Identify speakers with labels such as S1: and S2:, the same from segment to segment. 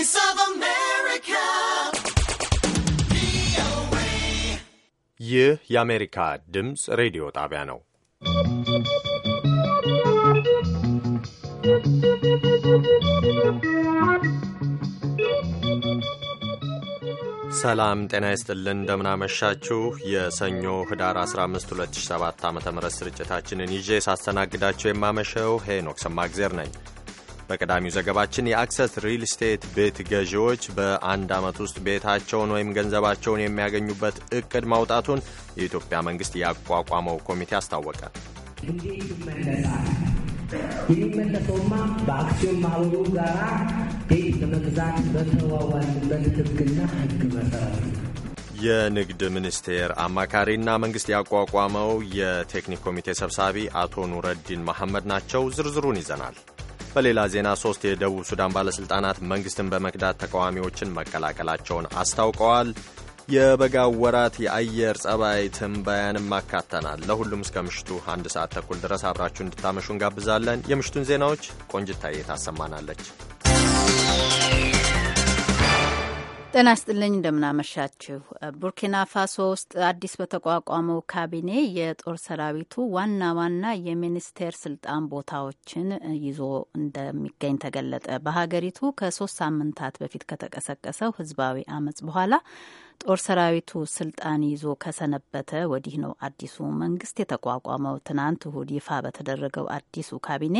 S1: Voice of America.
S2: ይህ የአሜሪካ ድምፅ ሬዲዮ ጣቢያ ነው። ሰላም ጤና ይስጥልን። እንደምናመሻችሁ የሰኞ ህዳር 15 2007 ዓ ም ስርጭታችንን ይዤ ሳስተናግዳቸው የማመሸው ሄኖክ ሰማግዜር ነኝ። በቀዳሚው ዘገባችን የአክሰስ ሪል ስቴት ቤት ገዢዎች በአንድ ዓመት ውስጥ ቤታቸውን ወይም ገንዘባቸውን የሚያገኙበት እቅድ ማውጣቱን የኢትዮጵያ መንግሥት ያቋቋመው ኮሚቴ አስታወቀ።
S3: የሚመለሰውማ በአክሲዮን ማህበሩ ጋራ ቤት በመግዛት በተዋዋልበት ህግና ህግ መሰረት
S2: የንግድ ሚኒስቴር አማካሪና መንግስት ያቋቋመው የቴክኒክ ኮሚቴ ሰብሳቢ አቶ ኑረዲን መሐመድ ናቸው። ዝርዝሩን ይዘናል። በሌላ ዜና ሶስት የደቡብ ሱዳን ባለሥልጣናት መንግሥትን በመክዳት ተቃዋሚዎችን መቀላቀላቸውን አስታውቀዋል። የበጋ ወራት የአየር ጸባይ ትንበያንም አካተናል። ለሁሉም እስከ ምሽቱ አንድ ሰዓት ተኩል ድረስ አብራችሁ እንድታመሹ እንጋብዛለን። የምሽቱን ዜናዎች ቆንጅታዬ ታሰማናለች።
S4: ጤና ስጥልኝ፣ እንደምናመሻችሁ። ቡርኪና ፋሶ ውስጥ አዲስ በተቋቋመው ካቢኔ የጦር ሰራዊቱ ዋና ዋና የሚኒስቴር ስልጣን ቦታዎችን ይዞ እንደሚገኝ ተገለጠ። በሀገሪቱ ከሶስት ሳምንታት በፊት ከተቀሰቀሰው ህዝባዊ አመጽ በኋላ ጦር ሰራዊቱ ስልጣን ይዞ ከሰነበተ ወዲህ ነው አዲሱ መንግስት የተቋቋመው። ትናንት እሁድ ይፋ በተደረገው አዲሱ ካቢኔ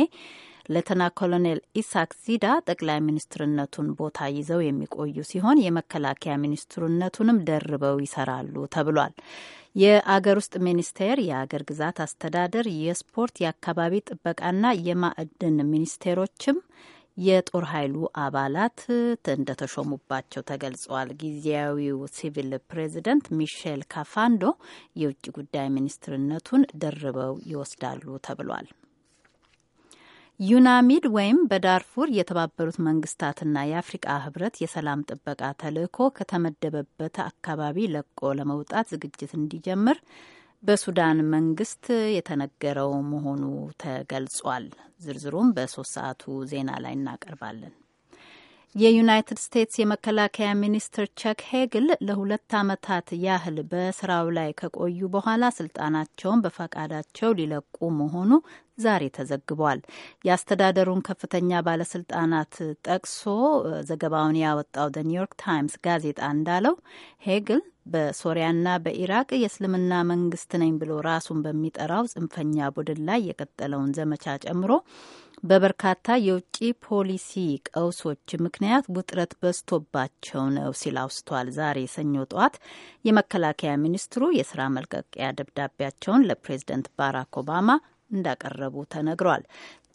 S4: ሌተና ኮሎኔል ኢሳክ ዚዳ ጠቅላይ ሚኒስትርነቱን ቦታ ይዘው የሚቆዩ ሲሆን የመከላከያ ሚኒስትርነቱንም ደርበው ይሰራሉ ተብሏል። የአገር ውስጥ ሚኒስቴር፣ የአገር ግዛት አስተዳደር፣ የስፖርት፣ የአካባቢ ጥበቃና የማዕድን ሚኒስቴሮችም የጦር ኃይሉ አባላት እንደተሾሙባቸው ተገልጿል። ጊዜያዊው ሲቪል ፕሬዚደንት ሚሼል ካፋንዶ የውጭ ጉዳይ ሚኒስትርነቱን ደርበው ይወስዳሉ ተብሏል። ዩናሚድ ወይም በዳርፉር የተባበሩት መንግስታትና የአፍሪቃ ህብረት የሰላም ጥበቃ ተልዕኮ ከተመደበበት አካባቢ ለቆ ለመውጣት ዝግጅት እንዲጀምር በሱዳን መንግስት የተነገረው መሆኑ ተገልጿል። ዝርዝሩም በሶስት ሰዓቱ ዜና ላይ እናቀርባለን። የዩናይትድ ስቴትስ የመከላከያ ሚኒስትር ቸክ ሄግል ለሁለት ዓመታት ያህል በስራው ላይ ከቆዩ በኋላ ስልጣናቸውን በፈቃዳቸው ሊለቁ መሆኑ ዛሬ ተዘግቧል። የአስተዳደሩን ከፍተኛ ባለስልጣናት ጠቅሶ ዘገባውን ያወጣው ደ ኒውዮርክ ታይምስ ጋዜጣ እንዳለው ሄግል በሶሪያና በኢራቅ የእስልምና መንግስት ነኝ ብሎ ራሱን በሚጠራው ጽንፈኛ ቡድን ላይ የቀጠለውን ዘመቻ ጨምሮ በበርካታ የውጭ ፖሊሲ ቀውሶች ምክንያት ውጥረት በዝቶባቸው ነው ሲል አውስቷል። ዛሬ ሰኞ ጠዋት የመከላከያ ሚኒስትሩ የስራ መልቀቂያ ደብዳቤያቸውን ለፕሬዝደንት ባራክ ኦባማ እንዳቀረቡ ተነግሯል።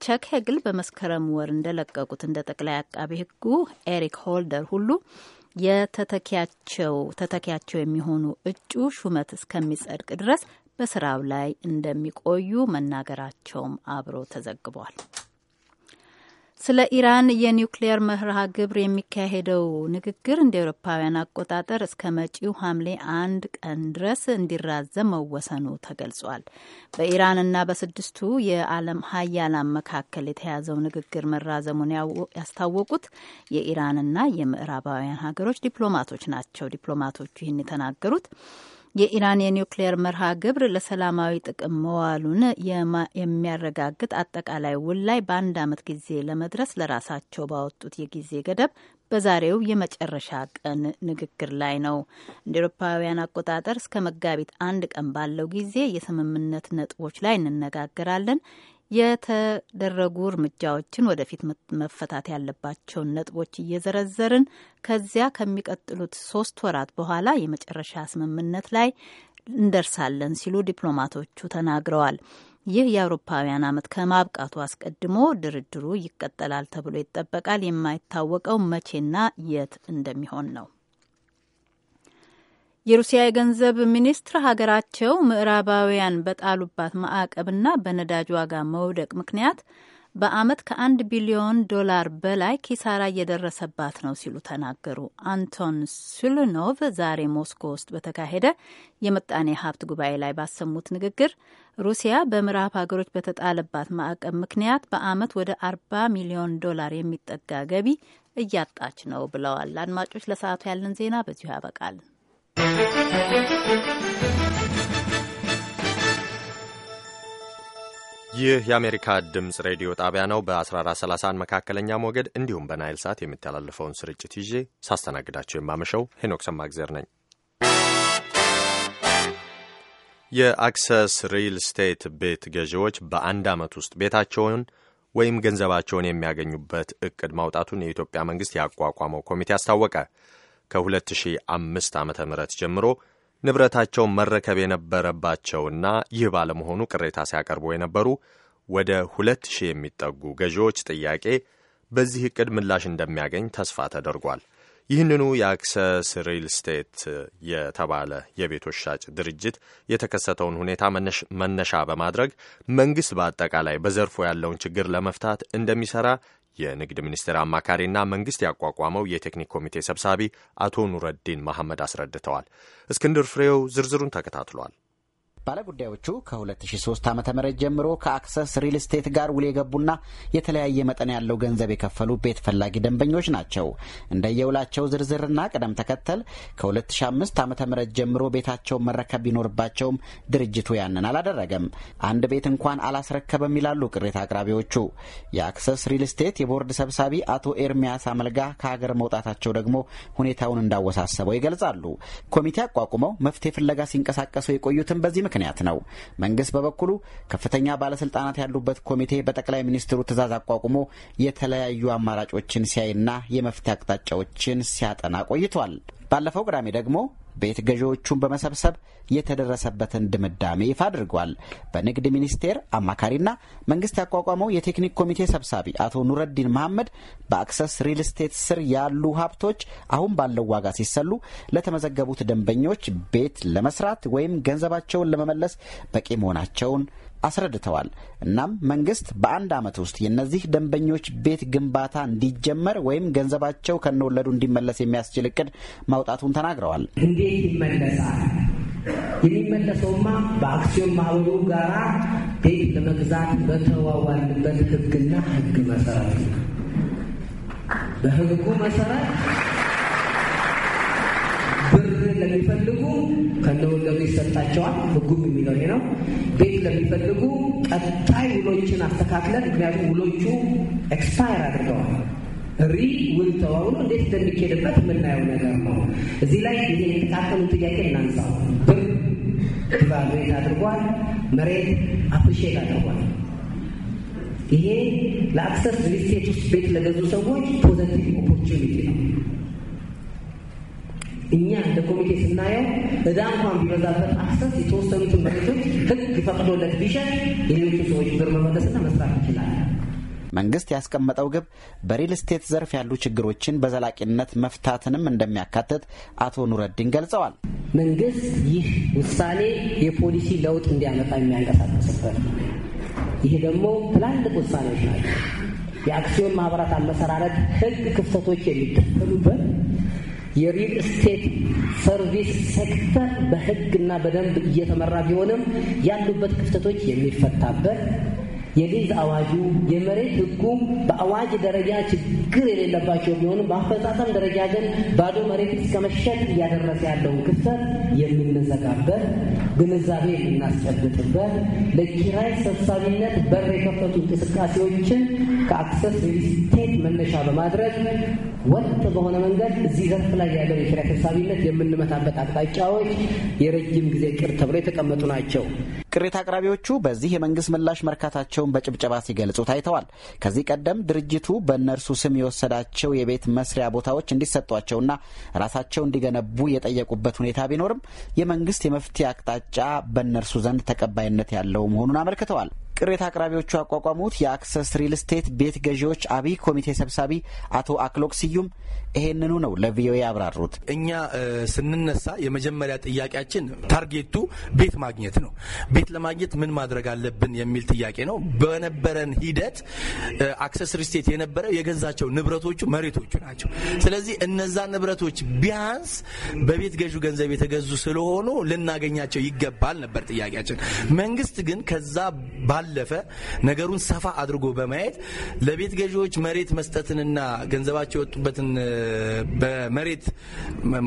S4: ቸክ ሄግል በመስከረም ወር እንደለቀቁት እንደ ጠቅላይ አቃቤ ሕጉ ኤሪክ ሆልደር ሁሉ የተተኪያቸው ተተኪያቸው የሚሆኑ እጩ ሹመት እስከሚጸድቅ ድረስ በስራው ላይ እንደሚቆዩ መናገራቸውም አብሮ ተዘግቧል። ስለ ኢራን የኒውክሌየር መርሃ ግብር የሚካሄደው ንግግር እንደ ኤሮፓውያን አቆጣጠር እስከ መጪው ሐምሌ አንድ ቀን ድረስ እንዲራዘም መወሰኑ ተገልጿል። በኢራንና በስድስቱ የዓለም ሀያላን መካከል የተያዘው ንግግር መራዘሙን ያስታወቁት የኢራንና የምዕራባውያን ሀገሮች ዲፕሎማቶች ናቸው። ዲፕሎማቶቹ ይህን የተናገሩት የኢራን የኒውክሌር መርሃ ግብር ለሰላማዊ ጥቅም መዋሉን የሚያረጋግጥ አጠቃላይ ውል ላይ በአንድ ዓመት ጊዜ ለመድረስ ለራሳቸው ባወጡት የጊዜ ገደብ በዛሬው የመጨረሻ ቀን ንግግር ላይ ነው። እንደ ኤሮፓውያን አቆጣጠር እስከ መጋቢት አንድ ቀን ባለው ጊዜ የስምምነት ነጥቦች ላይ እንነጋገራለን። የተደረጉ እርምጃዎችን ወደፊት መፈታት ያለባቸውን ነጥቦች እየዘረዘርን ከዚያ ከሚቀጥሉት ሶስት ወራት በኋላ የመጨረሻ ስምምነት ላይ እንደርሳለን ሲሉ ዲፕሎማቶቹ ተናግረዋል። ይህ የአውሮፓውያን ዓመት ከማብቃቱ አስቀድሞ ድርድሩ ይቀጠላል ተብሎ ይጠበቃል። የማይታወቀው መቼና የት እንደሚሆን ነው። የሩሲያ የገንዘብ ሚኒስትር ሀገራቸው ምዕራባውያን በጣሉባት ማዕቀብና በነዳጅ ዋጋ መውደቅ ምክንያት በዓመት ከአንድ ቢሊዮን ዶላር በላይ ኪሳራ እየደረሰባት ነው ሲሉ ተናገሩ። አንቶን ሱሉኖቭ ዛሬ ሞስኮ ውስጥ በተካሄደ የምጣኔ ሀብት ጉባኤ ላይ ባሰሙት ንግግር ሩሲያ በምዕራብ ሀገሮች በተጣለባት ማዕቀብ ምክንያት በዓመት ወደ አርባ ሚሊዮን ዶላር የሚጠጋ ገቢ እያጣች ነው ብለዋል። አድማጮች፣ ለሰዓቱ ያለን ዜና በዚሁ ያበቃል።
S5: ይህ
S2: የአሜሪካ ድምፅ ሬዲዮ ጣቢያ ነው። በ1430 መካከለኛ ሞገድ እንዲሁም በናይል ሳት የሚተላለፈውን ስርጭት ይዤ ሳስተናግዳቸው የማመሸው ሄኖክ ሰማግዜር ነኝ። የአክሰስ ሪል ስቴት ቤት ገዢዎች በአንድ ዓመት ውስጥ ቤታቸውን ወይም ገንዘባቸውን የሚያገኙበት እቅድ ማውጣቱን የኢትዮጵያ መንግሥት ያቋቋመው ኮሚቴ አስታወቀ። ከ2005 ዓ ም ጀምሮ ንብረታቸውን መረከብ የነበረባቸውና ይህ ባለመሆኑ ቅሬታ ሲያቀርቡ የነበሩ ወደ 2000 የሚጠጉ ገዢዎች ጥያቄ በዚህ ዕቅድ ምላሽ እንደሚያገኝ ተስፋ ተደርጓል። ይህንኑ የአክሰስ ሪል ስቴት የተባለ የቤቶች ሻጭ ድርጅት የተከሰተውን ሁኔታ መነሻ በማድረግ መንግሥት በአጠቃላይ በዘርፉ ያለውን ችግር ለመፍታት እንደሚሠራ የንግድ ሚኒስቴር አማካሪና መንግስት ያቋቋመው የቴክኒክ ኮሚቴ ሰብሳቢ አቶ ኑረዲን መሐመድ አስረድተዋል። እስክንድር ፍሬው ዝርዝሩን ተከታትሏል።
S1: ባለጉዳዮቹ ከ2003 ዓ ም ጀምሮ ከአክሰስ ሪል ስቴት ጋር ውል የገቡና የተለያየ መጠን ያለው ገንዘብ የከፈሉ ቤት ፈላጊ ደንበኞች ናቸው። እንደየውላቸው ዝርዝርና ቅደም ተከተል ከ2005 ዓ ም ጀምሮ ቤታቸውን መረከብ ቢኖርባቸውም ድርጅቱ ያንን አላደረገም። አንድ ቤት እንኳን አላስረከበም ይላሉ ቅሬታ አቅራቢዎቹ። የአክሰስ ሪል ስቴት የቦርድ ሰብሳቢ አቶ ኤርሚያስ አመልጋ ከሀገር መውጣታቸው ደግሞ ሁኔታውን እንዳወሳሰበው ይገልጻሉ። ኮሚቴ አቋቁመው መፍትሄ ፍለጋ ሲንቀሳቀሱ የቆዩትን በዚህ ምክንያት ነው። መንግስት በበኩሉ ከፍተኛ ባለስልጣናት ያሉበት ኮሚቴ በጠቅላይ ሚኒስትሩ ትዕዛዝ አቋቁሞ የተለያዩ አማራጮችን ሲያይና የመፍትሄ አቅጣጫዎችን ሲያጠና ቆይቷል። ባለፈው ቅዳሜ ደግሞ ቤት ገዢዎቹን በመሰብሰብ የተደረሰበትን ድምዳሜ ይፋ አድርጓል። በንግድ ሚኒስቴር አማካሪና መንግስት ያቋቋመው የቴክኒክ ኮሚቴ ሰብሳቢ አቶ ኑረዲን መሐመድ በአክሰስ ሪል ስቴት ስር ያሉ ሀብቶች አሁን ባለው ዋጋ ሲሰሉ ለተመዘገቡት ደንበኞች ቤት ለመስራት ወይም ገንዘባቸውን ለመመለስ በቂ መሆናቸውን አስረድተዋል። እናም መንግስት በአንድ ዓመት ውስጥ የእነዚህ ደንበኞች ቤት ግንባታ እንዲጀመር ወይም ገንዘባቸው ከነወለዱ እንዲመለስ የሚያስችል እቅድ ማውጣቱን ተናግረዋል።
S3: እንዴት ይመለሳል? የሚመለሰውማ በአክሲዮን ማህበሩ ጋራ ቤት ለመግዛት በተዋዋልበት ህግና ህግ መሰረት በህጉ መሰረት ለሚፈልጉ ከነውን ለምን ይሰጣቸዋል። ህጉም የሚለው ይሄ ነው። ቤት ለሚፈልጉ ቀጣይ ውሎችን አስተካክለን፣ ምክንያቱም ውሎቹ ኤክስፓየር አድርገዋል። ሪ ውል ተዋውሎ እንዴት እንደሚኬድበት የምናየው ነገር ነው። እዚህ ላይ ይሄ የተካከሉ ጥያቄ እናንሳው። ብር ቫሉዌት አድርጓል፣ መሬት አፕሪሼት አድርጓል። ይሄ ለአክሰስ ሪል ስቴት ውስጥ ቤት ለገዙ ሰዎች ፖዘቲቭ ኦፖርቹኒቲ ነው። እኛ እንደ ኮሚቴ ስናየው እዳ እንኳን ቢበዛበት አክሰስ የተወሰኑትን መሬቶች ህግ ፈቅዶለት ቢሸጥ የሌሎቹ ሰዎች ብር መመለስና
S1: መስራት ይችላል። መንግስት ያስቀመጠው ግብ በሪል ስቴት ዘርፍ ያሉ ችግሮችን በዘላቂነት መፍታትንም እንደሚያካትት አቶ ኑረዲን ገልጸዋል። መንግስት ይህ
S3: ውሳኔ የፖሊሲ ለውጥ እንዲያመጣ የሚያንቀሳቀስበት ይህ ደግሞ ትላልቅ ውሳኔዎች ናቸው። የአክሲዮን ማህበራት አመሰራረት ህግ ክፍተቶች የሚደፈሉበት የሪል ስቴት ሰርቪስ ሴክተር በሕግና በደንብ እየተመራ ቢሆንም ያሉበት ክፍተቶች የሚፈታበት የሊዝ አዋጁ የመሬት ህጉ በአዋጅ ደረጃ ችግር የሌለባቸው ቢሆንም በአፈጻጸም ደረጃ ግን ባዶ መሬት እስከ መሸጥ እያደረሰ ያለውን ክፍተት የምንዘጋበት ግንዛቤ የምናስጨብጥበት ለኪራይ ሰብሳቢነት በር የከፈቱ እንቅስቃሴዎችን ከአክሰስ ሪልስቴት መነሻ በማድረግ ወጥ በሆነ መንገድ እዚህ ዘርፍ ላይ ያለው የኪራይ ሰብሳቢነት የምንመታበት አቅጣጫዎች የረጅም
S1: ጊዜ ቅር ተብሎ የተቀመጡ ናቸው። ቅሬታ አቅራቢዎቹ በዚህ የመንግስት ምላሽ መርካታቸውን በጭብጨባ ሲገልጹ ታይተዋል። ከዚህ ቀደም ድርጅቱ በእነርሱ ስም የወሰዳቸው የቤት መስሪያ ቦታዎች እንዲሰጧቸውና ራሳቸው እንዲገነቡ የጠየቁበት ሁኔታ ቢኖርም የመንግስት የመፍትሄ አቅጣጫ በእነርሱ ዘንድ ተቀባይነት ያለው መሆኑን አመልክተዋል። ቅሬታ አቅራቢዎቹ ያቋቋሙት የአክሰስ ሪል ስቴት ቤት ገዢዎች አብይ ኮሚቴ ሰብሳቢ አቶ አክሎክ ስዩም ይሄንኑ ነው ለቪኦኤ ያብራሩት።
S6: እኛ ስንነሳ የመጀመሪያ ጥያቄያችን ታርጌቱ ቤት ማግኘት ነው። ቤት ለማግኘት ምን ማድረግ አለብን የሚል ጥያቄ ነው። በነበረን ሂደት አክሰስ ሪስቴት ስቴት የነበረው የገዛቸው ንብረቶቹ መሬቶቹ ናቸው። ስለዚህ እነዛ ንብረቶች ቢያንስ በቤት ገዢው ገንዘብ የተገዙ ስለሆኑ ልናገኛቸው ይገባል ነበር ጥያቄያችን። መንግስት ግን ከዛ ባለ ባለፈ ነገሩን ሰፋ አድርጎ በማየት ለቤት ገዢዎች መሬት መስጠትንና ገንዘባቸው የወጡበትን በመሬት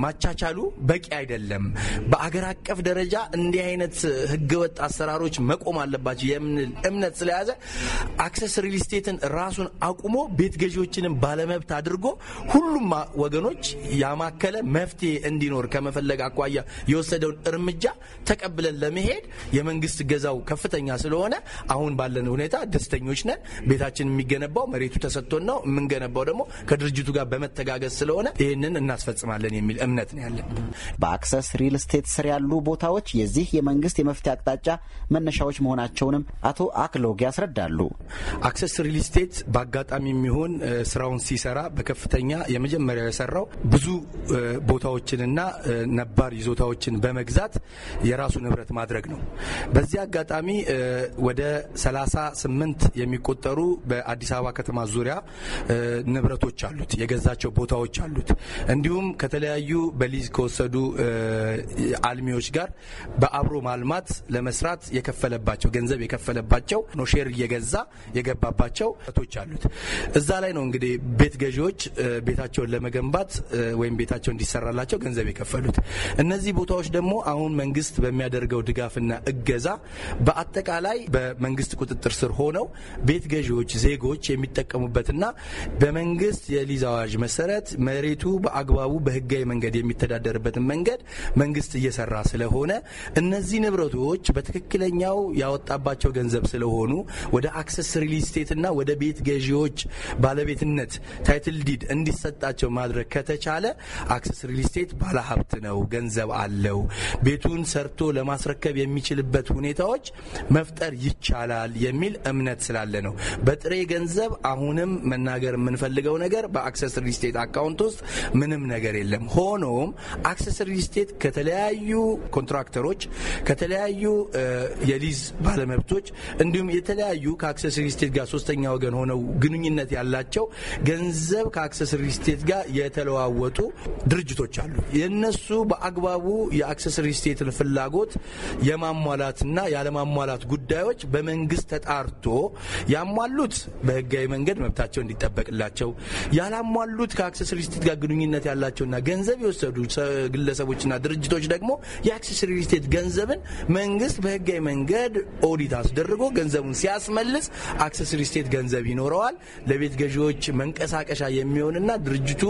S6: ማቻቻሉ በቂ አይደለም። በአገር አቀፍ ደረጃ እንዲህ አይነት ህገወጥ አሰራሮች መቆም አለባቸው የምንል እምነት ስለያዘ አክሰስ ሪል ስቴትን ራሱን አቁሞ ቤት ገዢዎችንም ባለመብት አድርጎ ሁሉም ወገኖች ያማከለ መፍትሄ እንዲኖር ከመፈለግ አኳያ የወሰደውን እርምጃ ተቀብለን ለመሄድ የመንግስት ገዛው ከፍተኛ ስለሆነ አሁን ባለን ሁኔታ ደስተኞች ነን። ቤታችን የሚገነባው መሬቱ ተሰጥቶን ነው። የምንገነባው ደግሞ ከድርጅቱ ጋር በመተጋገዝ ስለሆነ ይህንን እናስፈጽማለን የሚል እምነት ነው ያለን።
S1: በአክሰስ ሪል ስቴት ስር ያሉ ቦታዎች የዚህ የመንግስት የመፍትሄ አቅጣጫ መነሻዎች መሆናቸውንም አቶ አክሎግ ያስረዳሉ።
S6: አክሰስ ሪል ስቴት በአጋጣሚ የሚሆን ስራውን ሲሰራ በከፍተኛ የመጀመሪያው የሰራው ብዙ ቦታዎችንና ነባር ይዞታዎችን በመግዛት የራሱ ንብረት ማድረግ ነው። በዚህ አጋጣሚ ወደ ስምንት የሚቆጠሩ በአዲስ አበባ ከተማ ዙሪያ ንብረቶች አሉት፣ የገዛቸው ቦታዎች አሉት። እንዲሁም ከተለያዩ በሊዝ ከወሰዱ አልሚዎች ጋር በአብሮ ማልማት ለመስራት የከፈለባቸው ገንዘብ የከፈለባቸው ኖሼር እየገዛ የገባባቸው ቶች አሉት። እዛ ላይ ነው እንግዲህ ቤት ገዢዎች ቤታቸውን ለመገንባት ወይም ቤታቸው እንዲሰራላቸው ገንዘብ የከፈሉት። እነዚህ ቦታዎች ደግሞ አሁን መንግስት በሚያደርገው ድጋፍና እገዛ በአጠቃላይ በመንግስት ቁጥጥር ስር ሆነው ቤት ገዢዎች ዜጎች የሚጠቀሙበትና በመንግስት የሊዝ አዋጅ መሰረት መሬቱ በአግባቡ በህጋዊ መንገድ የሚተዳደርበትን መንገድ መንግስት እየሰራ ስለሆነ እነዚህ ንብረቶች በትክክለኛው ያወጣባቸው ገንዘብ ስለሆኑ ወደ አክሰስ ሪል ስቴትና ወደ ቤት ገዢዎች ባለቤትነት ታይትል ዲድ እንዲሰጣቸው ማድረግ ከተቻለ አክሰስ ሪል ስቴት ባለሀብት ነው፣ ገንዘብ አለው፣ ቤቱን ሰርቶ ለማስረከብ የሚችልበት ሁኔታዎች መፍጠር ይቻላል ይቻላል የሚል እምነት ስላለ ነው። በጥሬ ገንዘብ አሁንም መናገር የምንፈልገው ነገር በአክሰስ ሪል አካውንት ውስጥ ምንም ነገር የለም። ሆኖም አክሰስ ሪል ስቴት ከተለያዩ ኮንትራክተሮች፣ ከተለያዩ የሊዝ ባለመብቶች እንዲሁም የተለያዩ ከአክሰስ ሪል ጋር ሶስተኛ ወገን ሆነው ግንኙነት ያላቸው ገንዘብ ከአክሰስ ሪል ጋር የተለዋወጡ ድርጅቶች አሉ። የነሱ በአግባቡ የአክሰስ ሪል ፍላጎት የማሟላትና ያለማሟላት ጉዳዮች በ በመንግስት ተጣርቶ ያሟሉት በህጋዊ መንገድ መብታቸው እንዲጠበቅላቸው፣ ያላሟሉት ከአክሰስ ስቴት ጋር ግንኙነት ያላቸውና ገንዘብ የወሰዱ ግለሰቦችና ድርጅቶች ደግሞ የአክሰስ ገንዘብን መንግስት በህጋዊ መንገድ ኦዲት አስደርጎ ገንዘቡን ሲያስመልስ አክሰስ ገንዘብ ይኖረዋል። ለቤት ገዢዎች መንቀሳቀሻ የሚሆንና ድርጅቱ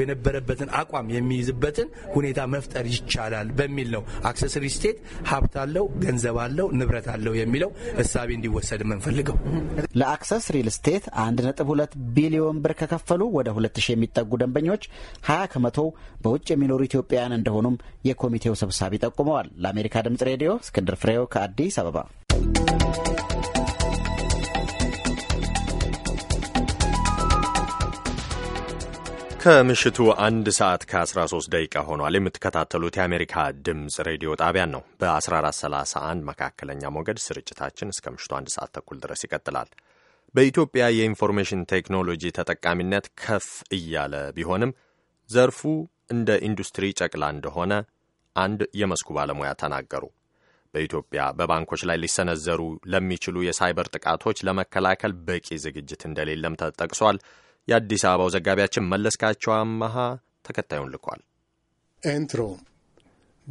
S6: የነበረበትን አቋም የሚይዝበትን ሁኔታ መፍጠር ይቻላል በሚል ነው አክሰስ ስቴት ሀብት አለው፣ ገንዘብ አለው፣ ንብረት አለው የሚለው እሳ ግንዛቤ እንዲወሰድ የምንፈልገው።
S1: ለአክሰስ ሪል ስቴት 1.2 ቢሊዮን ብር ከከፈሉ ወደ 2000 የሚጠጉ ደንበኞች 20 ከመቶ በውጭ የሚኖሩ ኢትዮጵያውያን እንደሆኑም የኮሚቴው ሰብሳቢ ጠቁመዋል። ለአሜሪካ ድምጽ ሬዲዮ እስክንድር ፍሬው ከአዲስ አበባ ከምሽቱ
S2: አንድ ሰዓት ከ13 ደቂቃ ሆኗል። የምትከታተሉት የአሜሪካ ድምፅ ሬዲዮ ጣቢያን ነው። በ1431 መካከለኛ ሞገድ ስርጭታችን እስከ ምሽቱ አንድ ሰዓት ተኩል ድረስ ይቀጥላል። በኢትዮጵያ የኢንፎርሜሽን ቴክኖሎጂ ተጠቃሚነት ከፍ እያለ ቢሆንም ዘርፉ እንደ ኢንዱስትሪ ጨቅላ እንደሆነ አንድ የመስኩ ባለሙያ ተናገሩ። በኢትዮጵያ በባንኮች ላይ ሊሰነዘሩ ለሚችሉ የሳይበር ጥቃቶች ለመከላከል በቂ ዝግጅት እንደሌለም ተጠቅሷል። የአዲስ አበባው ዘጋቢያችን መለስካቸው አመሃ ተከታዩን ልኳል።
S7: ኤንትሮ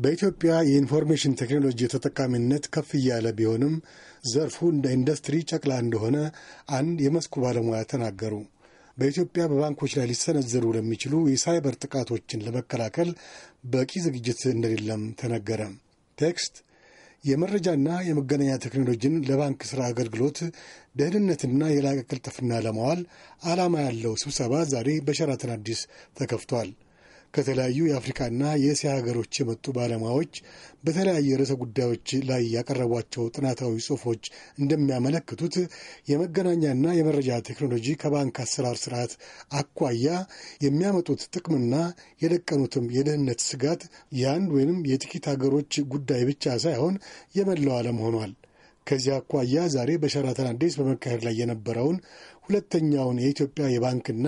S7: በኢትዮጵያ የኢንፎርሜሽን ቴክኖሎጂ ተጠቃሚነት ከፍ እያለ ቢሆንም ዘርፉ እንደ ኢንዱስትሪ ጨቅላ እንደሆነ አንድ የመስኩ ባለሙያ ተናገሩ። በኢትዮጵያ በባንኮች ላይ ሊሰነዘሩ ለሚችሉ የሳይበር ጥቃቶችን ለመከላከል በቂ ዝግጅት እንደሌለም ተነገረ። ቴክስት የመረጃና የመገናኛ ቴክኖሎጂን ለባንክ ስራ አገልግሎት ደህንነትና የላቀ ቅልጥፍና አላማ ዓላማ ያለው ስብሰባ ዛሬ በሸራተን አዲስ ተከፍቷል። ከተለያዩ የአፍሪካና የእስያ ሀገሮች የመጡ ባለሙያዎች በተለያየ ርዕሰ ጉዳዮች ላይ ያቀረቧቸው ጥናታዊ ጽሁፎች እንደሚያመለክቱት የመገናኛና የመረጃ ቴክኖሎጂ ከባንክ አሰራር ስርዓት አኳያ የሚያመጡት ጥቅምና የደቀኑትም የደህንነት ስጋት የአንድ ወይንም የጥቂት ሀገሮች ጉዳይ ብቻ ሳይሆን የመላው ዓለም ሆኗል። ከዚህ አኳያ ዛሬ በሸራተን አዲስ በመካሄድ ላይ የነበረውን ሁለተኛውን የኢትዮጵያ የባንክና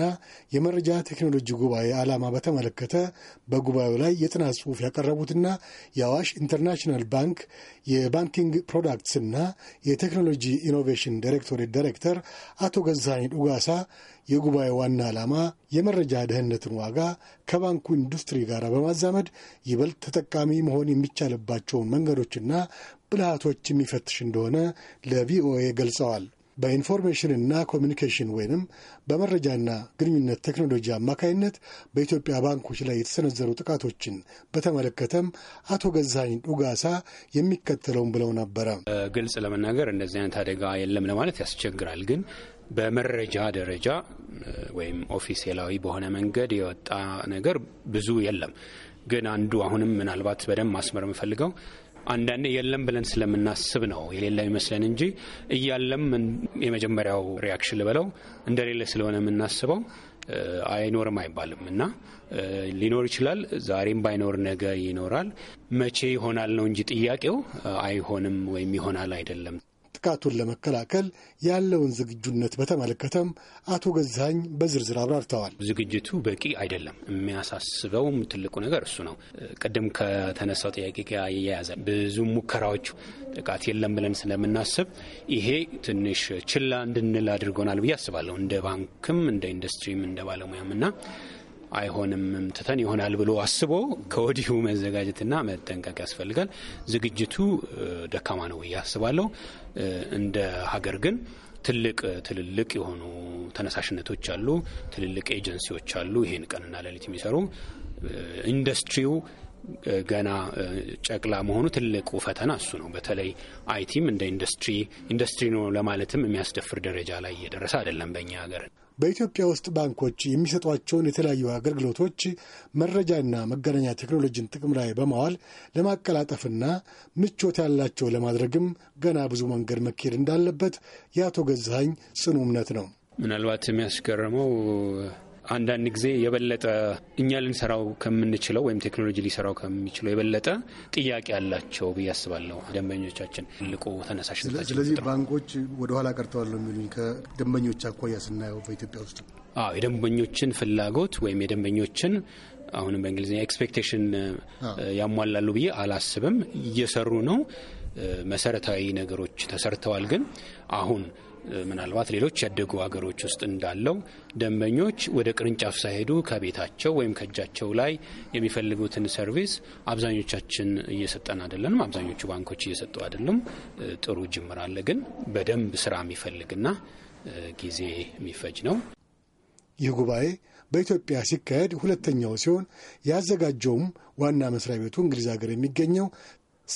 S7: የመረጃ ቴክኖሎጂ ጉባኤ ዓላማ በተመለከተ በጉባኤው ላይ የጥናት ጽሑፍ ያቀረቡትና የአዋሽ ኢንተርናሽናል ባንክ የባንኪንግ ፕሮዳክትስና የቴክኖሎጂ ኢኖቬሽን ዳይሬክቶሬት ዳይሬክተር አቶ ገዛኸኝ ዱጋሳ የጉባኤ ዋና ዓላማ የመረጃ ደህንነትን ዋጋ ከባንኩ ኢንዱስትሪ ጋር በማዛመድ ይበልጥ ተጠቃሚ መሆን የሚቻልባቸውን መንገዶችና ብልሃቶች የሚፈትሽ እንደሆነ ለቪኦኤ ገልጸዋል። በኢንፎርሜሽንና ኮሚኒኬሽን ወይንም በመረጃና ግንኙነት ቴክኖሎጂ አማካኝነት በኢትዮጵያ ባንኮች ላይ የተሰነዘሩ ጥቃቶችን በተመለከተም አቶ ገዛኝ ዱጋሳ የሚከተለውን ብለው ነበረ።
S8: ግልጽ ለመናገር እንደዚህ አይነት አደጋ የለም ለማለት ያስቸግራል። ግን በመረጃ ደረጃ ወይም ኦፊሴላዊ በሆነ መንገድ የወጣ ነገር ብዙ የለም። ግን አንዱ አሁንም ምናልባት በደንብ ማስመር የምፈልገው አንዳንዴ የለም ብለን ስለምናስብ ነው የሌለ ይመስለን እንጂ እያለም የመጀመሪያው ሪያክሽን ልበለው እንደሌለ ስለሆነ የምናስበው አይኖርም አይባልም እና ሊኖር ይችላል። ዛሬም ባይኖር ነገ ይኖራል። መቼ ይሆናል ነው እንጂ ጥያቄው አይሆንም ወይም ይሆናል አይደለም።
S7: ጥቃቱን ለመከላከል ያለውን ዝግጁነት በተመለከተም አቶ ገዛኝ በዝርዝር አብራርተዋል።
S8: ዝግጅቱ በቂ አይደለም። የሚያሳስበውም ትልቁ ነገር እሱ ነው። ቅድም ከተነሳው ጥያቄ ጋር እያያዘ ብዙ ሙከራዎች ጥቃት የለም ብለን ስለምናስብ ይሄ ትንሽ ችላ እንድንል አድርጎናል ብዬ አስባለሁ። እንደ ባንክም እንደ ኢንዱስትሪም እንደ ባለሙያም እና አይሆንምም ትተን ይሆናል ብሎ አስቦ ከወዲሁ መዘጋጀትና መጠንቀቅ ያስፈልጋል። ዝግጅቱ ደካማ ነው ብዬ አስባለሁ። እንደ ሀገር ግን ትልቅ ትልልቅ የሆኑ ተነሳሽነቶች አሉ። ትልልቅ ኤጀንሲዎች አሉ፣ ይሄን ቀንና ሌሊት የሚሰሩ ኢንዱስትሪው ገና ጨቅላ መሆኑ ትልቁ ፈተና እሱ ነው። በተለይ አይቲም እንደ ኢንዱስትሪ ኢንዱስትሪ ነው ለማለትም የሚያስደፍር ደረጃ ላይ እየደረሰ አይደለም በእኛ ሀገር።
S7: በኢትዮጵያ ውስጥ ባንኮች የሚሰጧቸውን የተለያዩ አገልግሎቶች መረጃና መገናኛ ቴክኖሎጂን ጥቅም ላይ በማዋል ለማቀላጠፍና ምቾት ያላቸው ለማድረግም ገና ብዙ መንገድ መካሄድ እንዳለበት የአቶ ገዛኸኝ ጽኑ እምነት ነው።
S8: ምናልባት የሚያስገርመው አንዳንድ ጊዜ የበለጠ እኛ ልንሰራው ከምንችለው ወይም ቴክኖሎጂ ሊሰራው ከሚችለው የበለጠ ጥያቄ አላቸው ብዬ አስባለሁ። ደንበኞቻችን ትልቁ ተነሳሽ። ስለዚህ
S7: ባንኮች ወደኋላ ቀርተዋል ነው የሚሉኝ ከደንበኞች አኳያ ስናየው በኢትዮጵያ ውስጥ
S8: አዎ የደንበኞችን ፍላጎት ወይም የደንበኞችን አሁንም በእንግሊዝኛ ኤክስፔክቴሽን ያሟላሉ ብዬ አላስብም። እየሰሩ ነው። መሰረታዊ ነገሮች ተሰርተዋል። ግን አሁን ምናልባት ሌሎች ያደጉ ሀገሮች ውስጥ እንዳለው ደንበኞች ወደ ቅርንጫፍ ሳይሄዱ ከቤታቸው ወይም ከእጃቸው ላይ የሚፈልጉትን ሰርቪስ አብዛኞቻችን እየሰጠን አይደለንም። አብዛኞቹ ባንኮች እየሰጡ አይደለም። ጥሩ ጅምር አለ፣ ግን በደንብ ስራ የሚፈልግና ጊዜ የሚፈጅ ነው።
S7: ይህ ጉባኤ በኢትዮጵያ ሲካሄድ ሁለተኛው ሲሆን ያዘጋጀውም ዋና መስሪያ ቤቱ እንግሊዝ ሀገር የሚገኘው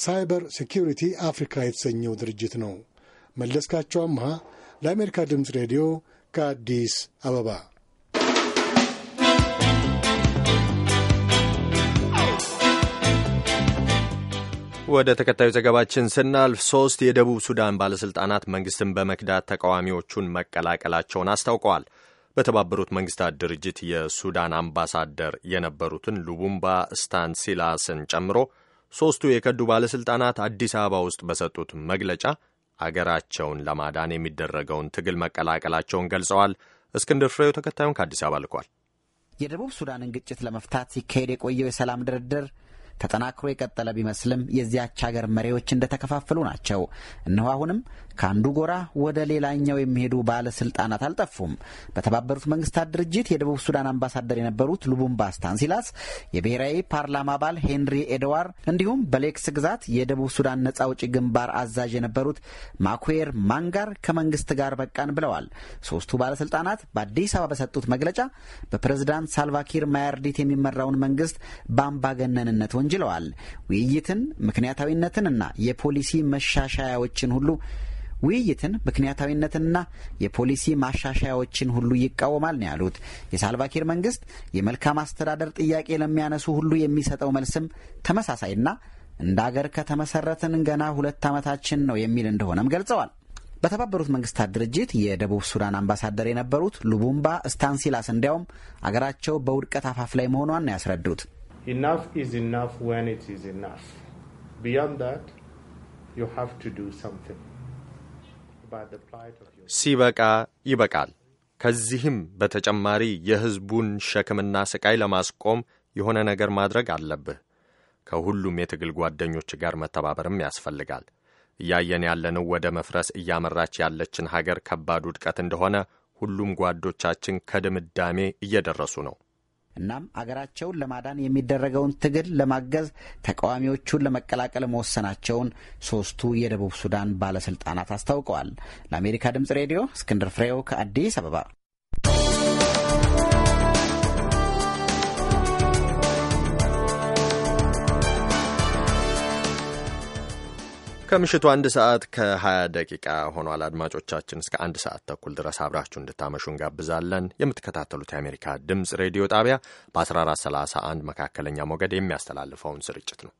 S7: ሳይበር ሴኪሪቲ አፍሪካ የተሰኘው ድርጅት ነው። መለስካቸው አምሃ ለአሜሪካ ድምፅ ሬዲዮ ከአዲስ አበባ
S2: ወደ ተከታዩ ዘገባችን ስናልፍ ሶስት የደቡብ ሱዳን ባለሥልጣናት መንግሥትን በመክዳት ተቃዋሚዎቹን መቀላቀላቸውን አስታውቀዋል። በተባበሩት መንግሥታት ድርጅት የሱዳን አምባሳደር የነበሩትን ሉቡምባ ስታንሲላስን ጨምሮ ሦስቱ የከዱ ባለሥልጣናት አዲስ አበባ ውስጥ በሰጡት መግለጫ አገራቸውን ለማዳን የሚደረገውን ትግል መቀላቀላቸውን ገልጸዋል። እስክንድር ፍሬው ተከታዩን ከአዲስ አበባ ልኳል።
S1: የደቡብ ሱዳንን ግጭት ለመፍታት ሲካሄድ የቆየው የሰላም ድርድር ተጠናክሮ የቀጠለ ቢመስልም የዚያች ሀገር መሪዎች እንደተከፋፈሉ ናቸው። እነሆ አሁንም ከአንዱ ጎራ ወደ ሌላኛው የሚሄዱ ባለስልጣናት አልጠፉም። በተባበሩት መንግስታት ድርጅት የደቡብ ሱዳን አምባሳደር የነበሩት ሉቡምባ ስታንሲላስ፣ የብሔራዊ ፓርላማ አባል ሄንሪ ኤድዋር እንዲሁም በሌክስ ግዛት የደቡብ ሱዳን ነጻ አውጪ ግንባር አዛዥ የነበሩት ማኩዌር ማንጋር ከመንግስት ጋር በቃን ብለዋል። ሶስቱ ባለስልጣናት በአዲስ አበባ በሰጡት መግለጫ በፕሬዝዳንት ሳልቫኪር ማያርዲት የሚመራውን መንግስት በአምባገነንነት ወንጅለዋል። ውይይትን፣ ምክንያታዊነትን እና የፖሊሲ መሻሻያዎችን ሁሉ ውይይትን፣ ምክንያታዊነትንና የፖሊሲ ማሻሻያዎችን ሁሉ ይቃወማል ነው ያሉት። የሳልቫኪር መንግስት የመልካም አስተዳደር ጥያቄ ለሚያነሱ ሁሉ የሚሰጠው መልስም ተመሳሳይና እንደ አገር ከተመሰረትን ገና ሁለት ዓመታችን ነው የሚል እንደሆነም ገልጸዋል። በተባበሩት መንግስታት ድርጅት የደቡብ ሱዳን አምባሳደር የነበሩት ሉቡምባ ስታንሲላስ እንዲያውም አገራቸው በውድቀት አፋፍ ላይ መሆኗን ነው ያስረዱት። ኢናፍ ሲበቃ
S2: ይበቃል። ከዚህም በተጨማሪ የሕዝቡን ሸክምና ስቃይ ለማስቆም የሆነ ነገር ማድረግ አለብህ። ከሁሉም የትግል ጓደኞች ጋር መተባበርም ያስፈልጋል። እያየን ያለነው ወደ መፍረስ እያመራች ያለችን ሀገር ከባድ ውድቀት እንደሆነ ሁሉም ጓዶቻችን ከድምዳሜ እየደረሱ ነው።
S1: እናም አገራቸውን ለማዳን የሚደረገውን ትግል ለማገዝ ተቃዋሚዎቹን ለመቀላቀል መወሰናቸውን ሶስቱ የደቡብ ሱዳን ባለስልጣናት አስታውቀዋል። ለአሜሪካ ድምጽ ሬዲዮ እስክንድር ፍሬው ከአዲስ አበባ
S2: ከምሽቱ አንድ ሰዓት ከ20 ደቂቃ ሆኗል። አድማጮቻችን እስከ አንድ ሰዓት ተኩል ድረስ አብራችሁ እንድታመሹ እንጋብዛለን። የምትከታተሉት የአሜሪካ ድምፅ ሬዲዮ ጣቢያ በ1431 መካከለኛ ሞገድ የሚያስተላልፈውን ስርጭት ነው።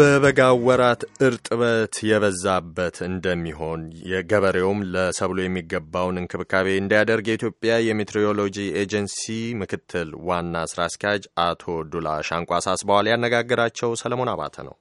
S2: በበጋው ወራት እርጥበት የበዛበት እንደሚሆን የገበሬውም ለሰብሎ የሚገባውን እንክብካቤ እንዲያደርግ የኢትዮጵያ የሜትሮሎጂ ኤጀንሲ ምክትል ዋና ስራ አስኪያጅ አቶ ዱላ ሻንቆ አሳስበዋል። ያነጋገራቸው ሰለሞን አባተ ነው።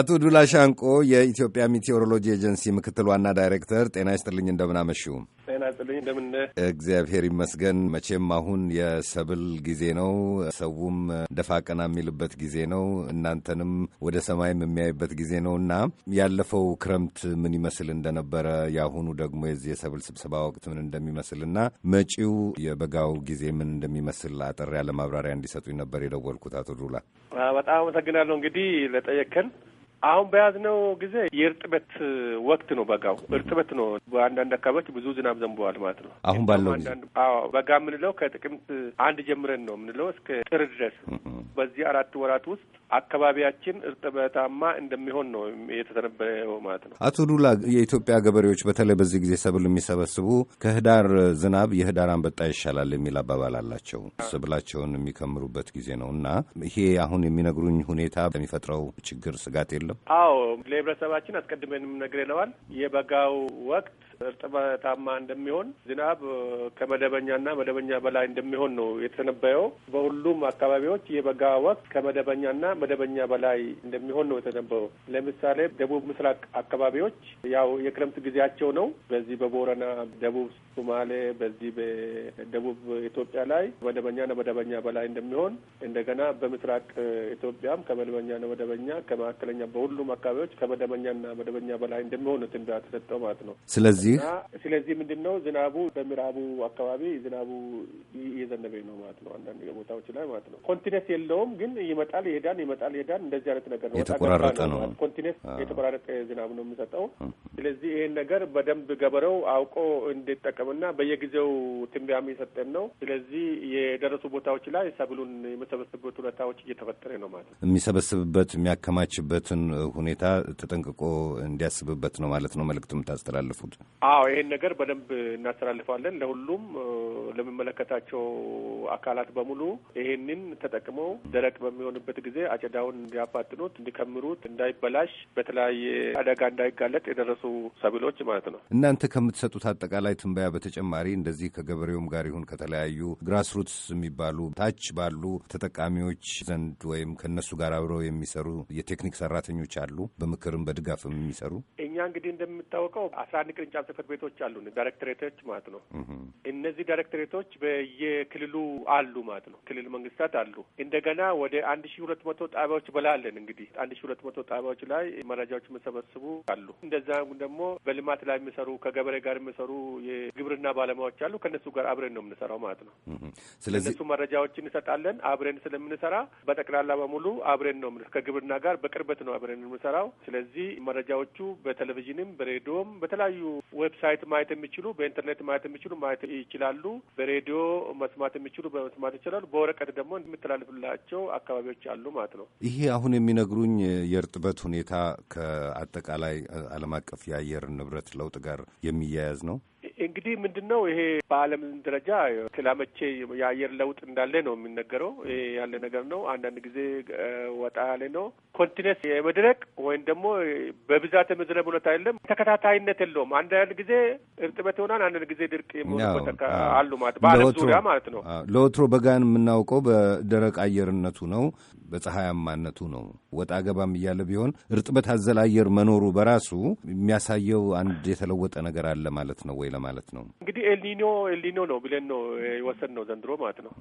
S5: አቶ ዱላ ሻንቆ የኢትዮጵያ ሜትሮሎጂ ኤጀንሲ ምክትል ዋና ዳይሬክተር፣ ጤና ይስጥልኝ። እንደምን አመሹ? ጤና ይስጥልኝ። እንደምን እግዚአብሔር ይመስገን። መቼም አሁን የሰብል ጊዜ ነው። ሰውም ደፋ ቀና የሚልበት ጊዜ ነው። እናንተንም ወደ ሰማይም የሚያይበት ጊዜ ነው እና ያለፈው ክረምት ምን ይመስል እንደነበረ የአሁኑ ደግሞ የዚህ የሰብል ስብሰባ ወቅት ምን እንደሚመስል እና መጪው የበጋው ጊዜ ምን እንደሚመስል አጠር ያለ ማብራሪያ እንዲሰጡኝ ነበር የደወልኩት። አቶ ዱላ
S9: በጣም አመሰግናለሁ እንግዲህ ለጠየከን አሁን በያዝነው ጊዜ የእርጥበት ወቅት ነው። በጋው እርጥበት ነው። በአንዳንድ አካባቢዎች ብዙ ዝናብ ዘንበዋል ማለት ነው። አሁን ባለው ጊዜ አዎ፣ በጋ የምንለው ከጥቅምት አንድ ጀምረን ነው የምንለው እስከ ጥር ድረስ። በዚህ አራት ወራት ውስጥ አካባቢያችን እርጥበታማ እንደሚሆን ነው
S2: የተተነበየው ማለት ነው።
S5: አቶ ዱላ፣ የኢትዮጵያ ገበሬዎች በተለይ በዚህ ጊዜ ሰብል የሚሰበስቡ ከህዳር ዝናብ የህዳር አንበጣ ይሻላል የሚል አባባል አላቸው። ሰብላቸውን የሚከምሩበት ጊዜ ነው እና ይሄ አሁን የሚነግሩኝ ሁኔታ የሚፈጥረው ችግር ስጋት የለ አይደለም?
S9: አዎ ለህብረተሰባችን አስቀድመንም ነግረነዋል። የበጋው ወቅት እርጥበታማ እንደሚሆን፣ ዝናብ ከመደበኛና መደበኛ በላይ እንደሚሆን ነው የተነበየው። በሁሉም አካባቢዎች የበጋ ወቅት ከመደበኛና መደበኛ በላይ እንደሚሆን ነው የተነበየው። ለምሳሌ ደቡብ ምስራቅ አካባቢዎች ያው የክረምት ጊዜያቸው ነው። በዚህ በቦረና ደቡብ ሶማሌ፣ በዚህ በደቡብ ኢትዮጵያ ላይ መደበኛና መደበኛ በላይ እንደሚሆን እንደገና በምስራቅ ኢትዮጵያም ከመደበኛና መደበኛ ከመካከለኛ በሁሉም አካባቢዎች ከመደበኛና መደበኛ በላይ እንደሚሆን ትንበያ ተሰጠው ማለት ነው። ስለዚህ ስለዚህ ስለዚህ ምንድን ነው ዝናቡ በምዕራቡ አካባቢ ዝናቡ እየዘነበ ነው ማለት ነው። አንዳንድ ቦታዎች ላይ ማለት ነው። ኮንቲኔንስ የለውም ግን ይመጣል ይሄዳል፣ ይመጣል ይሄዳል። እንደዚህ አይነት ነገር ነው። የተቆራረጠ ነው። ኮንቲኔንስ የተቆራረጠ ዝናብ ነው የሚሰጠው። ስለዚህ ይሄን ነገር በደንብ ገበሬው አውቆ እንዲጠቀምና በየጊዜው ትንቢያም የሰጠን ነው። ስለዚህ የደረሱ ቦታዎች ላይ ሰብሉን የመሰበስብበት ሁኔታዎች እየተፈጠረ ነው ማለት
S5: ነው። የሚሰበስብበት የሚያከማችበትን ሁኔታ ተጠንቅቆ እንዲያስብበት ነው ማለት ነው መልእክቱ የምታስተላልፉት።
S9: አዎ ይህን ነገር በደንብ እናስተላልፋለን። ለሁሉም ለሚመለከታቸው አካላት በሙሉ ይህንን ተጠቅመው ደረቅ በሚሆንበት ጊዜ አጨዳውን እንዲያፋጥኑት፣ እንዲከምሩት፣ እንዳይበላሽ፣ በተለያየ አደጋ እንዳይጋለጥ የደረሱ ሰብሎች ማለት ነው።
S5: እናንተ ከምትሰጡት አጠቃላይ ትንበያ በተጨማሪ እንደዚህ ከገበሬውም ጋር ይሁን ከተለያዩ ግራስሩትስ የሚባሉ ታች ባሉ ተጠቃሚዎች ዘንድ ወይም ከእነሱ ጋር አብረው የሚሰሩ የቴክኒክ ሰራተኞች አሉ፣ በምክርም በድጋፍም የሚሰሩ
S9: እኛ እንግዲህ እንደሚታወቀው አስራ አንድ ቅርንጫፍ ጽህፈት ቤቶች አሉ፣ ዳይሬክትሬቶች ማለት ነው። እነዚህ ዳይሬክትሬቶች በየክልሉ አሉ ማለት ነው። ክልል መንግስታት አሉ። እንደገና ወደ አንድ ሺ ሁለት መቶ ጣቢያዎች በላለን እንግዲህ አንድ ሺ ሁለት መቶ ጣቢያዎች ላይ መረጃዎች የምሰበስቡ አሉ። እንደዛ ደግሞ በልማት ላይ የሚሰሩ ከገበሬ ጋር የሚሰሩ የግብርና ባለሙያዎች አሉ። ከእነሱ ጋር አብረን ነው የምንሰራው ማለት ነው። ስለዚህ እነሱ መረጃዎችን እንሰጣለን። አብረን ስለምንሰራ በጠቅላላ በሙሉ አብረን ነው ከግብርና ጋር በቅርበት ነው አብረን የምንሰራው። ስለዚህ መረጃዎቹ በቴሌቪዥንም በሬዲዮም በተለያዩ ዌብሳይት ማየት የሚችሉ በኢንተርኔት ማየት የሚችሉ ማየት ይችላሉ። በሬዲዮ መስማት የሚችሉ በመስማት ይችላሉ። በወረቀት ደግሞ የሚተላለፍላቸው አካባቢዎች አሉ ማለት ነው።
S5: ይሄ አሁን የሚነግሩኝ የእርጥበት ሁኔታ ከአጠቃላይ ዓለም አቀፍ የአየር ንብረት ለውጥ ጋር የሚያያዝ ነው።
S9: እንግዲህ ምንድን ነው ይሄ በዓለም ደረጃ ክላመቼ የአየር ለውጥ እንዳለ ነው የሚነገረው። ይሄ ያለ ነገር ነው። አንዳንድ ጊዜ ወጣ ያለ ነው። ኮንቲነስ የመድረቅ ወይም ደግሞ በብዛት የመዝነብ ሁኔታ የለም። ተከታታይነት የለውም። አንዳንድ ጊዜ እርጥበት ይሆናል፣ አንዳንድ ጊዜ ድርቅ አሉ ማለት በዓለም ዙሪያ ማለት ነው።
S5: ለወትሮ በጋን የምናውቀው በደረቅ አየርነቱ ነው፣ በፀሐያማነቱ ነው። ወጣ ገባም እያለ ቢሆን እርጥበት አዘል አየር መኖሩ በራሱ የሚያሳየው አንድ የተለወጠ ነገር አለ ማለት ነው ወይ ለማለት ማለት ነው።
S9: እንግዲህ ኤልኒኖ ኤልኒኖ ነው ብለን ነው የወሰድ ነው ዘንድሮ ማለት ነው።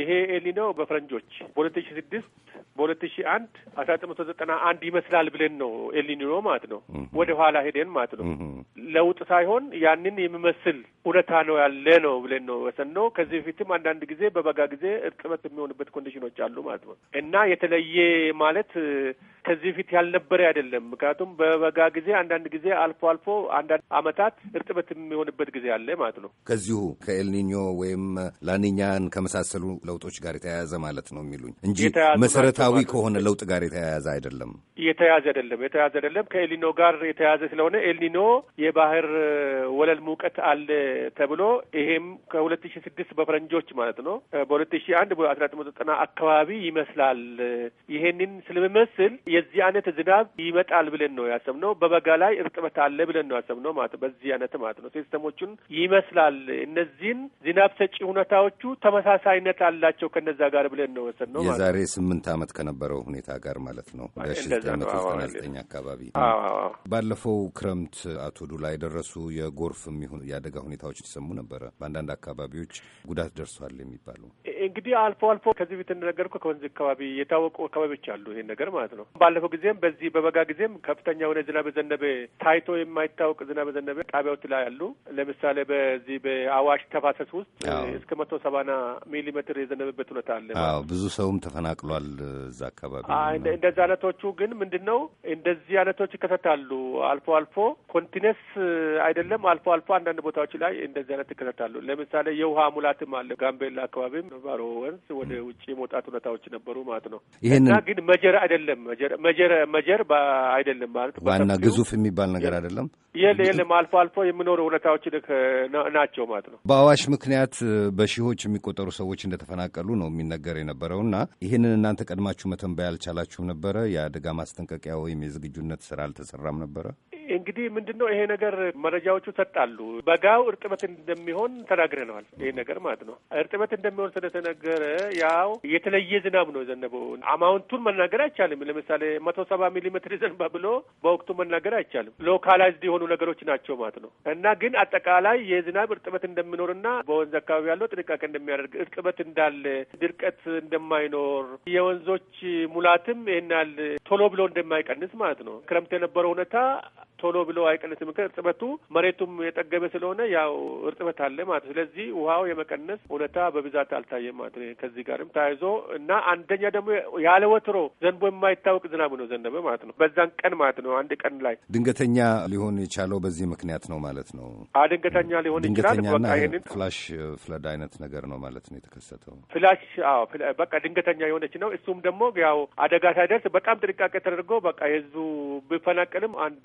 S9: ይሄ ኤልኒኖ በፈረንጆች በሁለት ሺ ስድስት በሁለት ሺ አንድ አስራ ዘጠኝ መቶ ዘጠና አንድ ይመስላል ብለን ነው ኤልኒኖ ማለት ነው። ወደ ኋላ ሄደን ማለት ነው። ለውጥ ሳይሆን ያንን የሚመስል እውነታ ነው ያለ ነው ብለን ነው የወሰድ ነው። ከዚህ በፊትም አንዳንድ ጊዜ በበጋ ጊዜ እርጥበት የሚሆንበት ኮንዲሽኖች አሉ ማለት ነው እና የተለየ ማለት ከዚህ በፊት ያልነበረ አይደለም። ምክንያቱም በበጋ ጊዜ አንዳንድ ጊዜ አልፎ አልፎ አንዳንድ አመታት እርጥበት የሚሆንበት የሚሆንበት ጊዜ አለ ማለት ነው።
S5: ከዚሁ ከኤልኒኞ ወይም ላኒኛን ከመሳሰሉ ለውጦች ጋር የተያያዘ ማለት ነው የሚሉኝ እንጂ መሰረታዊ ከሆነ ለውጥ ጋር የተያያዘ አይደለም።
S9: የተያዘ አይደለም የተያዘ አይደለም ከኤልኒኖ ጋር የተያዘ ስለሆነ ኤልኒኖ የባህር ወለል ሙቀት አለ ተብሎ ይሄም ከሁለት ሺ ስድስት በፈረንጆች ማለት ነው በሁለት ሺ አንድ በአስራ ዘጠኝ ዘጠና አካባቢ ይመስላል። ይሄንን ስለሚመስል የዚህ አይነት ዝናብ ይመጣል ብለን ነው ያሰብነው። በበጋ ላይ እርጥበት አለ ብለን ነው ያሰብነው ማለት በዚህ አይነት ማለት ነው ሲስተሞቹን ይመስላል። እነዚህን ዝናብ ሰጪ ሁኔታዎቹ ተመሳሳይነት አላቸው ከነዛ ጋር ብለን ነው ወሰድነው የዛሬ
S5: ስምንት አመት ከነበረው ሁኔታ ጋር ማለት ነው። 1999 አካባቢ ባለፈው ክረምት አቶ ዱላ የደረሱ የጎርፍ የአደጋ ሁኔታዎች ተሰሙ ነበረ። በአንዳንድ አካባቢዎች ጉዳት ደርሷል የሚባሉ
S9: እንግዲህ አልፎ አልፎ ከዚህ በፊት እንደነገርኩ ከወንዝ አካባቢ የታወቁ አካባቢዎች አሉ። ይሄን ነገር ማለት ነው። ባለፈው ጊዜም በዚህ በበጋ ጊዜም ከፍተኛ የሆነ ዝናብ ዘነበ፣ ታይቶ የማይታወቅ ዝናብ ዘነበ ጣቢያዎች ላይ አሉ። ለምሳሌ በዚህ በአዋሽ ተፋሰስ ውስጥ እስከ መቶ ሰባና ሚሊሜትር የዘነበበት ሁኔታ አለ።
S5: ብዙ ሰውም ተፈናቅሏል እዛ አካባቢ
S9: እንደዛ አይነቶቹ ግን ምንድን ነው እንደዚህ አይነቶች ይከሰታሉ። አልፎ አልፎ ኮንቲነስ አይደለም። አልፎ አልፎ አንዳንድ ቦታዎች ላይ እንደዚህ አይነት ይከሰታሉ። ለምሳሌ የውሃ ሙላትም አለ። ጋምቤላ አካባቢም ባሮ ወንዝ ወደ ውጭ መውጣት ሁኔታዎች ነበሩ ማለት ነው። ይህና ግን መጀር አይደለም መጀር መጀር አይደለም ማለት
S5: ዋና ግዙፍ የሚባል ነገር አይደለም።
S9: የለም አልፎ አልፎ የሚኖሩ ሁኔታዎች ናቸው ማለት ነው።
S5: በአዋሽ ምክንያት በሺዎች የሚቆጠሩ ሰዎች እንደተፈናቀሉ ነው የሚነገር የነበረውና ይህንን እናንተ ቀድማችሁ መተን አልቻላችሁም ነበረ? የአደጋ ማስጠንቀቂያ ወይም የዝግጁነት ስራ አልተሰራም ነበረ?
S9: እንግዲህ ምንድን ነው ይሄ ነገር መረጃዎቹ ሰጣሉ። በጋው እርጥበት እንደሚሆን ተናግረነዋል። ይሄ ነገር ማለት ነው እርጥበት እንደሚሆን ስለተነገረ ያው የተለየ ዝናብ ነው የዘነበው። አማውንቱን መናገር አይቻልም። ለምሳሌ መቶ ሰባ ሚሊሜትር ዘንባ ብሎ በወቅቱ መናገር አይቻልም። ሎካላይዝድ የሆኑ ነገሮች ናቸው ማለት ነው እና ግን አጠቃላይ የዝናብ እርጥበት እንደሚኖርና በወንዝ አካባቢ ያለው ጥንቃቄ እንደሚያደርግ እርጥበት እንዳለ ድርቀት እንደማይኖር የወንዞች ሙላትም ይህን ያህል ቶሎ ብሎ እንደማይቀንስ ማለት ነው። ክረምት የነበረው ሁኔታ ቶሎ ብሎ አይቀንስም። ምክንያት እርጥበቱ መሬቱም የጠገበ ስለሆነ ያው እርጥበት አለ ማለት ነው። ስለዚህ ውሃው የመቀነስ እውነታ በብዛት አልታየም ማለት ነው። ከዚህ ጋርም ተያይዞ እና አንደኛ ደግሞ ያለ ወትሮ ዘንቦ የማይታወቅ ዝናብ ነው ዘነበ ማለት ነው። በዛን ቀን ማለት ነው። አንድ ቀን ላይ
S5: ድንገተኛ ሊሆን የቻለው በዚህ ምክንያት ነው ማለት ነው።
S9: ድንገተኛ ሊሆን ይችላል።
S5: ፍላሽ ፍለድ አይነት ነገር ነው ማለት ነው የተከሰተው።
S9: ፍላሽ በቃ ድንገተኛ የሆነች ነው። እሱም ደግሞ ያው አደጋ ሳይደርስ በጣም ጥንቃቄ ተደርጎ በቃ የህዝቡ ቢፈናቀልም አንድ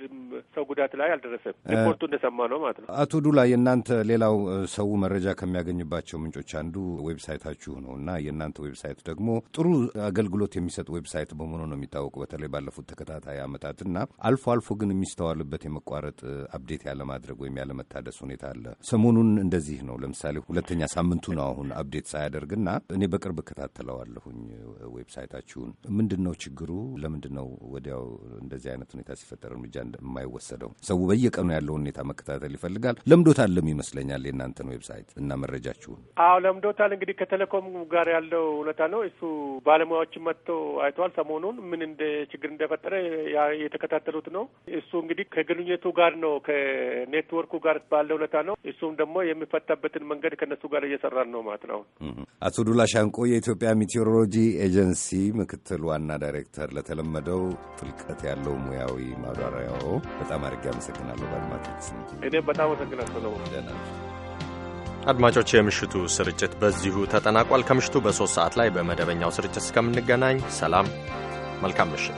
S9: ሰው ጉዳት ላይ አልደረሰም። ሪፖርቱ እንደሰማ ነው ማለት ነው።
S5: አቶ ዱላ፣ የእናንተ ሌላው ሰው መረጃ ከሚያገኝባቸው ምንጮች አንዱ ዌብሳይታችሁ ነው እና የእናንተ ዌብሳይት ደግሞ ጥሩ አገልግሎት የሚሰጥ ዌብሳይት በመሆኑ ነው የሚታወቁ በተለይ ባለፉት ተከታታይ አመታት እና አልፎ አልፎ ግን የሚስተዋልበት የመቋረጥ አብዴት ያለማድረግ ወይም ያለመታደስ ሁኔታ አለ። ሰሞኑን እንደዚህ ነው። ለምሳሌ ሁለተኛ ሳምንቱ ነው አሁን አብዴት ሳያደርግና እኔ በቅርብ እከታተለዋለሁኝ ዌብሳይታችሁን። ምንድን ነው ችግሩ? ለምንድን ነው ወዲያው እንደዚህ አይነት ሁኔታ ሲፈጠር እርምጃ የማይወ ወሰደው ሰው በየቀኑ ያለው ሁኔታ መከታተል ይፈልጋል። ለምዶታልም ይመስለኛል የእናንተን ዌብሳይት እና መረጃችሁን።
S9: አዎ ለምዶታል። እንግዲህ ከቴሌኮም ጋር ያለው ሁኔታ ነው። እሱ ባለሙያዎችን መጥቶ አይተዋል። ሰሞኑን ምን እንደ ችግር እንደፈጠረ የተከታተሉት ነው። እሱ እንግዲህ ከግንኙነቱ ጋር ነው ከኔትወርኩ ጋር ባለ ሁኔታ ነው። እሱም ደግሞ የሚፈታበትን መንገድ ከነሱ ጋር እየሰራን ነው ማለት ነው።
S5: አቶ ዱላ ሻንቆ የኢትዮጵያ ሚቴዎሮሎጂ ኤጀንሲ ምክትል ዋና ዳይሬክተር፣ ለተለመደው ጥልቀት ያለው ሙያዊ ማብራሪያው በጣም አድርጌ አመሰግናለሁ። በአድማጮች ስም
S9: እኔ በጣም አመሰግናለሁ
S2: አድማጮች የምሽቱ ስርጭት በዚሁ ተጠናቋል። ከምሽቱ በሶስት ሰዓት ላይ በመደበኛው ስርጭት እስከምንገናኝ ሰላም፣ መልካም ምሽት።